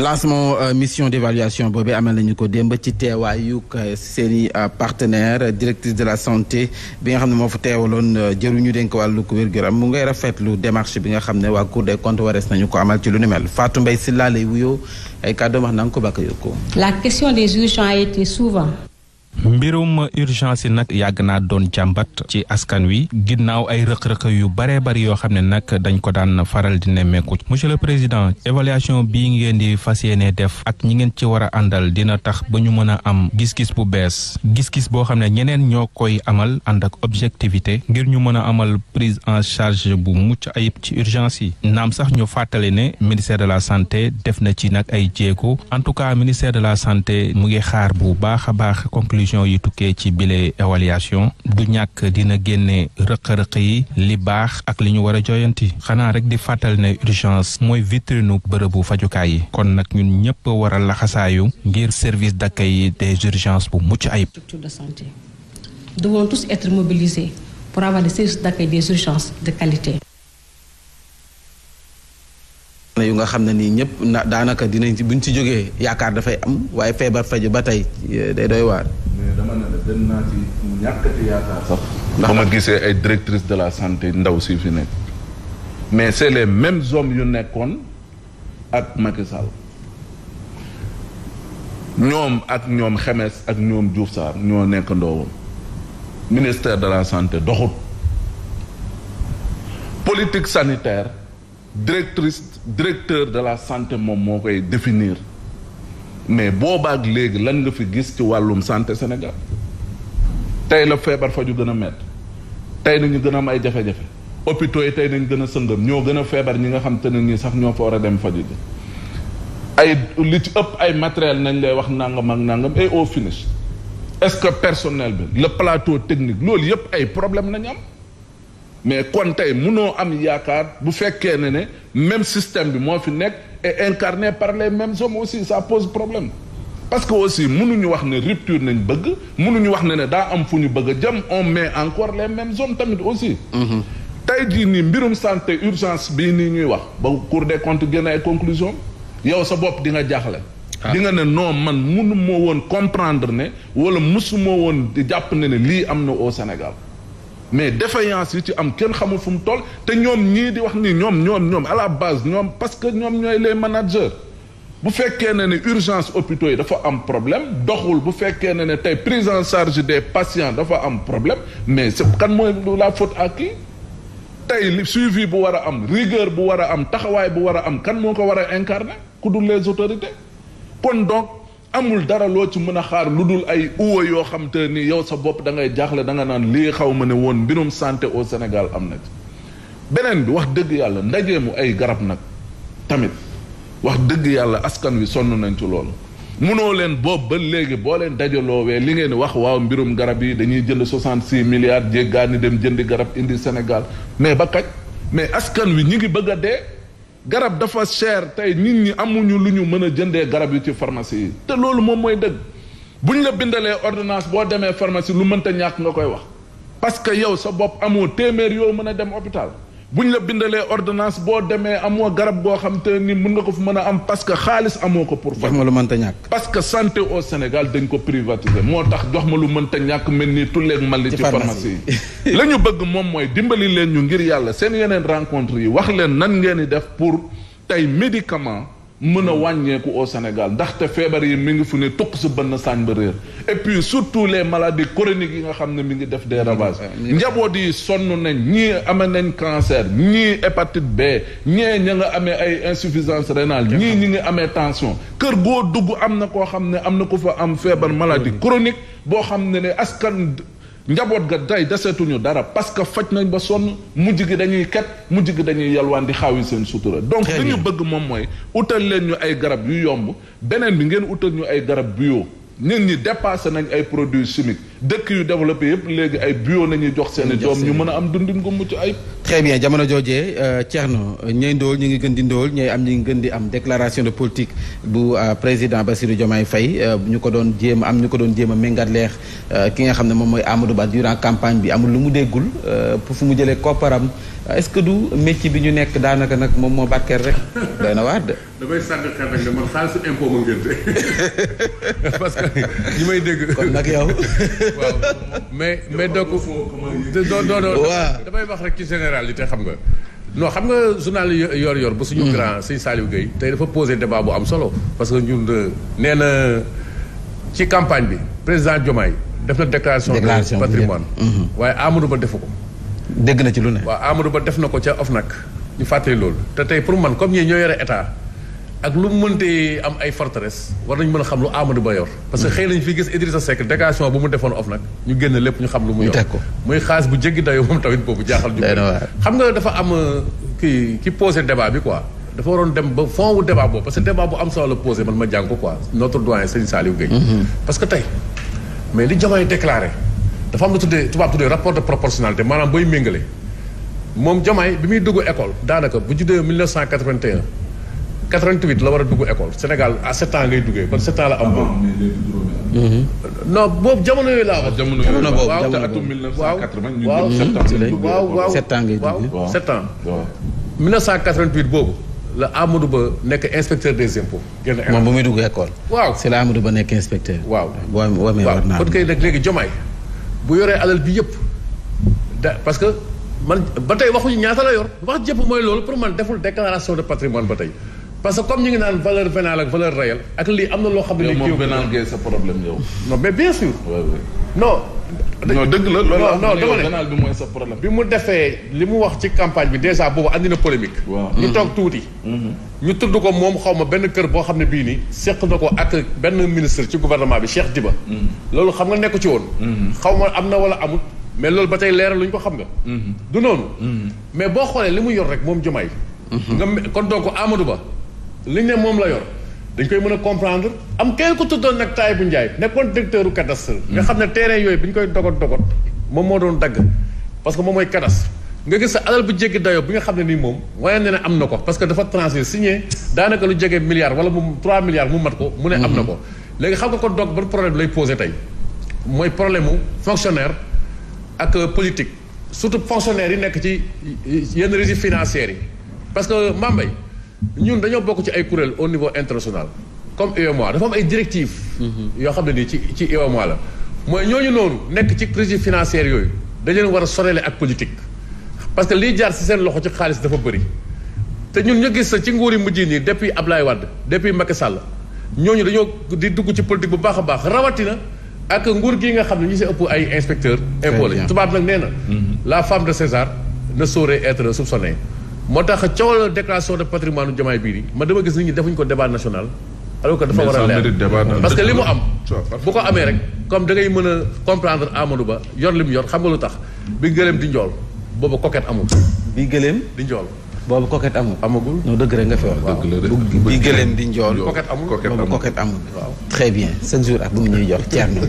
lancement euh, mission d'évaluation boobu amal nañu ko démb ci teewaayu euh, seeni euh, partenaire directrice de la santé bi nga xam ne moo fa teewaloon ñu dénk wàllu wér-gu-yaram mu ngay rafetlu démarche bi nga xam ne waa Cour des comptes warees nañu ko amal ci lu ni mel Fatou Mbaye Sylla lay wuyoo ay kàddoom wax na nga ko bàkk yokku. La question des urgences a été souvent mbirum urgence yi nag yàgg naa doon jàmbat ci askan wi ginnaaw ay rëq-rëq yu baree bari yoo xam ne nag dañ ko daan faral di nemmeeku monsieur le président évaluation bii ngeen di fas yéene def ak ñi ngeen ci war a àndal dina tax ba ñu mën a am gis-gis bu bees gis-gis boo xam ne ñeneen ñoo koy amal ànd ak objectivité ngir ñu mën a amal prise en charge bu mucc ayib ci urgence yi naam sax ñu fàttali ne ministère de la santé def na ci nag ay jéego en tout cas ministère de la santé mu ngi xaar bu baax a conclusion yi tukkee ci bile évaluation du ñàkk dina génne rëq-rëq yi li baax ak li ñu war a joyanti xanaa rek di fàttal ne urgence mooy vitrinu bërëbu fajukaay yi kon nag ñun ñëpp war a laxasaayu ngir service d'accueil des urgences bu mucc ayib. Nous yu nga xam ne nii ñëpp na daanaka dinañ ci buñ ci jógee yaakaar dafay am waaye feebar faju ba tey eh, day doy waar. ndax ba ma gisee ay directrice de la santé ndaw si fi nekk. mais c'est les mêmes hommes yu nekkoon ak Macky Sall ñoom ak ñoom Xemes ak ñoom Diouf Sarr ñoo nekk ndoowoon ministère de la santé doxut politique sanitaire. directrice directeur de la santé moom moo koy définir mais boobaak léegi lan nga fi gis ci wàllum santé Sénégal tey la feebar faju gën a métti tey nañu gën a am ay jafe-jafe hôpitaux yi tey nañ gën a sëngëm ñoo gën a feebar ñi nga xam te ne nii sax ñoo fa war a dem faju ji ay li ci ëpp ay matériel nañ lay wax nangam ak nangam et au est-ce que personnel bi le plateau technique loolu yëpp ay problème nañ am mais kon tey munoo am yaakaar bu fekkee ne ne même système bi moo fi nekk et incarné par les mêmes hommes aussi sa pose problème parce que aussi mënuñu wax ne rupture nañ bëgg mënuñu wax ne ne daa am fu ñu bëgg a jëm on mais encore les même hommes tamit aussi mm-hmm. tey jii nii mbirum santé urgence bii nii ñuy wax ba Cour des comptes génne ay conclusion yow sa bopp di nga jaaxle ah. di nga ne noo man mënu moo woon comprendre ne wala mësu woon di jàpp ne ne lii am na au Sénégal mais défaillance yi ci am kenn xamul fu mu toll te ñoom ñii di wax ni ñoom ñoom ñoom àlla la base ñoom parce que ñoom ñooy les managers bu fekkee ne ne urgence hôpitaux yi dafa am problème doxul bu fekkee ne ne tey prise en charge des patients dafa am problème mais c'est kan mooy la faute à tey li suivi bu war a am rigueur bu war a am taxawaay bu war a am kan moo ko war a incarner ku dul les autorités kon donc amul dara loo ci mën a xaar lu dul ay uwa yoo xam te nii yow sa bopp dangay ngay jaaxle da naan lii xaw ma ne woon mbirum santé au Sénégal am na ci beneen bi wax dëgg yàlla ndajeemu ay garab nag tamit wax dëgg yàlla askan wi sonn nañ ci loolu munoo leen boobu ba léegi boo leen dajaloowee li ngeen wax waaw mbirum garab yi dañuy jënd 66 milliards jéggaani dem jëndi garab indi Sénégal mais ba kañ mais askan wi ñi ngi bëgg dee garab dafa cher tey nit ñi amuñu lu ñu mën a jëndee garab yu ci pharmacie yi te loolu moom mooy dëgg bu ñu la bindalee ordonnance boo demee pharmacie lu mënta ñàkk nga koy wax parce que yow sa bopp amoo téeméer yow mën a dem hôpital bu ñu la bindalee ordinance boo demee amoo garab boo xam te ni mën nga ko fu mën a am parce que xaalis amoo ko pour jox ma lu mënta ñàkk parce que santé au Sénégal dañ ko privatiser moo tax jox ma lu mënta ñàkk mel ni tulleeg mal li ci pharmacie yi la ñu bëgg moom mooy dimbali leen ñu ngir yàlla seen yeneen rencontre yi wax leen nan ngeen di def pour tey médicament mën a wàññeeku au Sénégal ndaxte feebar yi mi ngi fu ne topp sa bënn saañ ba réer et puis surtout les maladies chroniques yi nga xam ne mi ngi def des ravages mm, mm, mm. njaboot yi sonn nañ ñii amee nañ cancer ñii hépatite B ñee ña nga amee ay insuffisance rénale ñii ñi ngi amee tension kër goo dugg am na koo xam ne am na ko fa am feebar maladie chronique boo xam ne ne askan njaboot ga day deseetuñu dara parce que faj nañ ba sonn mujj gi dañuy ket mujj gi dañuy yalwaan di xaawi seen sutura donc li ñu bëgg moom mooy utal leen ñu ay garab yu yomb beneen bi ngeen utal ñu ay garab bu bio nit ñi dépassé nañ ay produits chimiques dëkk yu développé yëpp léegi ay bio nañuy jox seen i doom ñu mën a am dundin mu mucc ayib. très bien jamono joojee euh, Thierno ñooy ndóol ñu ngi gën di ndóol ñooy am ñu ngi gën di am déclaration de politique bu euh, président Bassirou Diomaye Faye euh, ñu ko doon jéem am ñu ko doon jéem a méngaat leex ki nga xam ne moom mooy Amadou Ba durant campagne bi amul lu mu déggul pour fu mu jëlee kopparam. est-ce que du métier bi ñu nekk daanaka nag moom moo barkeel rek doy na waar de. damay sànq xel rek de man xaalisu impôt ma ngeen parce que ñi may dégg. kon nag yow. waaw mais mais donc. doo doo doo damay wax rek ci généralité xam nga. non xam nga journal yor-yor. ba suñu hmm. grand suñu Saliou Gueye. tey dafa posé débat bu am solo. parce que ñun euh, nee na ci campagne bi président Diomaye def na déclaration. de patrimoine hmm. waaye Amadou Ba defu ko. dégg na ci lu ne. waaw Amadou Ba def na ko ca nag ñu fàttee loolu te tey pour man comme ñi ñoo yore état ak lu mu mënte am ay forteresse war nañu mën a xam lu Amadou Ba yor. parce que mm. xëy nañu fi gis Idrissa Seck dégagement bu mu defoon OFNAC ñu génn lépp ñu xam lu mu yor muy xaas bu jéggi dayoo moom tamit boobu jaaxal. ñu xam nga dafa am euh, ki ki posé débat bi quoi. dafa waroon dem ba fond wu débat boobu parce que débat bu am solo la posé man ma jàng ko quoi notre doyen Serigne Saliou mm-hmm. tey mais li Diomaye déclaré. dafa am lu tuddee tubaab tuddee rapport de maanaam booy méngale moom Diomaye bi muy dugg école daanaka bu juddee 1981 88 la war a dugg école Sénégal à 7 ans ngay duggee kon 7 ans la am. boobu mhm. non boobu jamono yooyu laa wax. jamono yooyu la waaw jamono boobu waaw waaw waaw waaw 7 ans ngay duggee 7 ans. 1988 la Amadou Ba nekk inspecteur des impôts. moom ba muy dugg école. waaw c'est la Amadou Ba nekk inspecteur. waaw boo amee war naa. kon kay nag léegi Diomaye bu yoree alal bi yëpp da parce que man ba tey waxuñu ñaata la yor wax jëpp mooy loolu pour man deful déclaration de patrimoine ba tey parce que comme ñu ngi naan valeur vénale ak valeur réelle ak lii am na loo xam ne. yow moom vénal ngay sa problème yow. non mais dëgg la loolu non dama ne bi mooy sa problème. bi mu defee li mu wax ci campagne bi dèjà boobu andi na polémique. ñu mm-hmm. toog tuuti. Mm-hmm. ñu tudd ko moom xaw ma benn kër boo xam ne bii nii. seq na ko ak benn ministre ci gouvernement bi Cheikh Diba. Mm-hmm. loolu xam nga nekk ci woon. xaw ma am na wala amut. mais loolu ba tey leeral lu ñu ko xam nga. du noonu. mais boo xoolee li mu yor rek moom Diomaye. kon donc Amadou Ba. li ne moom la yor dañ koy mën a comprendre am kenn ku tuddoon nag taay bu njaay nekkoon directeur u cadastre mm. nga xam ne terrain yooyu bi ñu koy dogot dogot moom moo doon dagg parce que moom mooy cadastre nga gis sa alal bu jéggi dayo bi nga xam ne nii moom waaye ne ne am na ko parce que dafa transfert signé daanaka lu jege milliard wala mu 3 milliards mu mat ko mu ne am na ko mm. léegi xam nga ko doog ban problème lay posé tey mooy problème mu fonctionnaire ak euh, politique surtout fonctionnaire yi nekk ci yenn régies financières yi parce que Mambay ñun dañoo bokk ci ay kuréel au niveau international comme UEMOA dafa am ay directives. Mm-hmm. yoo xam ne nii ci ci UEMOA la mooy ñooñu noonu nekk ci crise financière yooyu dañu leen war a sorele ak politique parce que liy jaar si seen loxo ci xaalis dafa bëri te ñun ñu gis sa ci nguur yi mujj nii depuis Abdoulaye Wade depuis Macky Sall ñooñu dañoo di dugg ci politique bu baax a baax rawatina ak nguur gii nga xam ne ñu si ëpp ay inspecteurs impôts lañu tubaab nag nee na mm-hmm. la femme de César ne saurait être soupçonnée moo tax coowal déclaration de patrimoine Diomaye bii ma dama gis nit ñi defuñ ko débat national alors que dafa war a leer parce li mu am bu ko amee rek comme da mën a comprendre Amadou Ba yor li mu yor xam nga lu tax bi gëleem di njool booba coquette amul bi gëleem di njool boobu coquette amul amagul non dëgg rek nga fi wax waaw bi gëleem di njool coquette amul boobu coquette amul très bien chaque jour ak bu mu ñuy jox ceerno